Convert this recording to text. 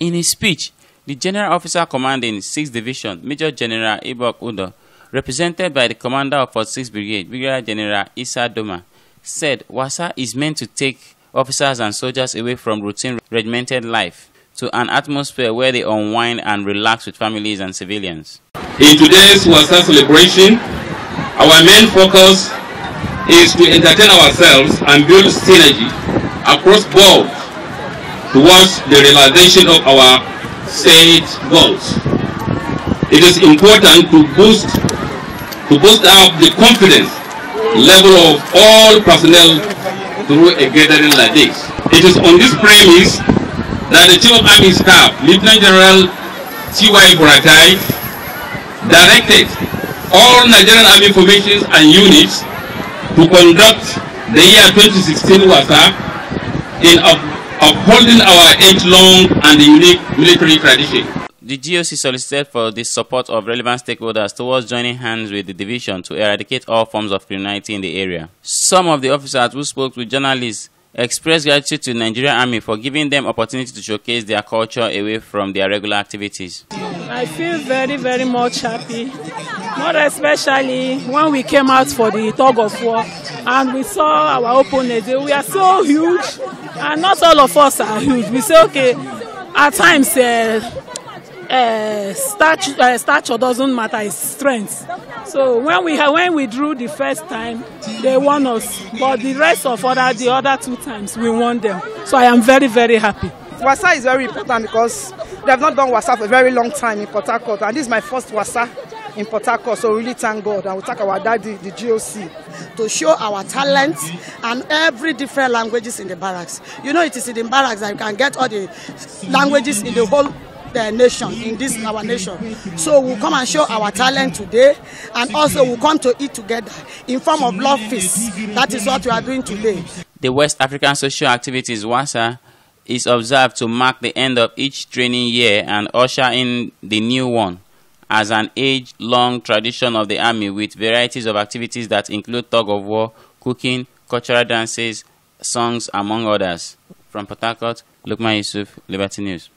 In his speech, the General Officer Commanding 6th Division, Major General Ibok Udo, represented by the Commander of 46th Brigade, Brigadier General Issa Doma, said WASA is meant to take officers and soldiers away from routine regimented life to an atmosphere where they unwind and relax with families and civilians. In today's WASA celebration, our main focus is to entertain ourselves and build synergy across board towards the realization of our state goals. It is important to boost to boost up the confidence level of all personnel through a gathering like this. It is on this premise that the Chief of Army Staff, Lieutenant General T.Y. Buratai, directed all Nigerian Army formations and units to conduct the year 2016 WASA in upholding our age-long and unique military tradition. The GOC solicited for the support of relevant stakeholders towards joining hands with the division to eradicate all forms of criminality in the area. Some of the officers who spoke with journalists expressed gratitude to the Nigerian Army for giving them opportunity to showcase their culture away from their regular activities. I feel very, very much happy, more especially when we came out for the tug of war and we saw our opponents. We are so huge, and not all of us are huge. We say, okay, at times, uh, uh, stature, uh, stature doesn't matter; it's strength. So when we when we drew the first time, they won us, but the rest of other the other two times we won them. So I am very very happy. Wasa is very important because they have not done Wasa for a very long time in Port and this is my first Wasa in Port So really thank God, and we thank our daddy, the GOC to show our talents and every different languages in the barracks. You know, it is in the barracks that you can get all the languages in the whole the uh, nation in this our nation so we we'll come and show our talent today and also we we'll come to eat together in form of love feast that is what we are doing today. the west african social activities wasa is observed to mark the end of each training year and usher in the new one. as an age long tradition of the army with varieties of activities that include tug of war, cooking, cultural dances, songs, among others. From Port Harcourt, Lukman Yusuf, Liberty News.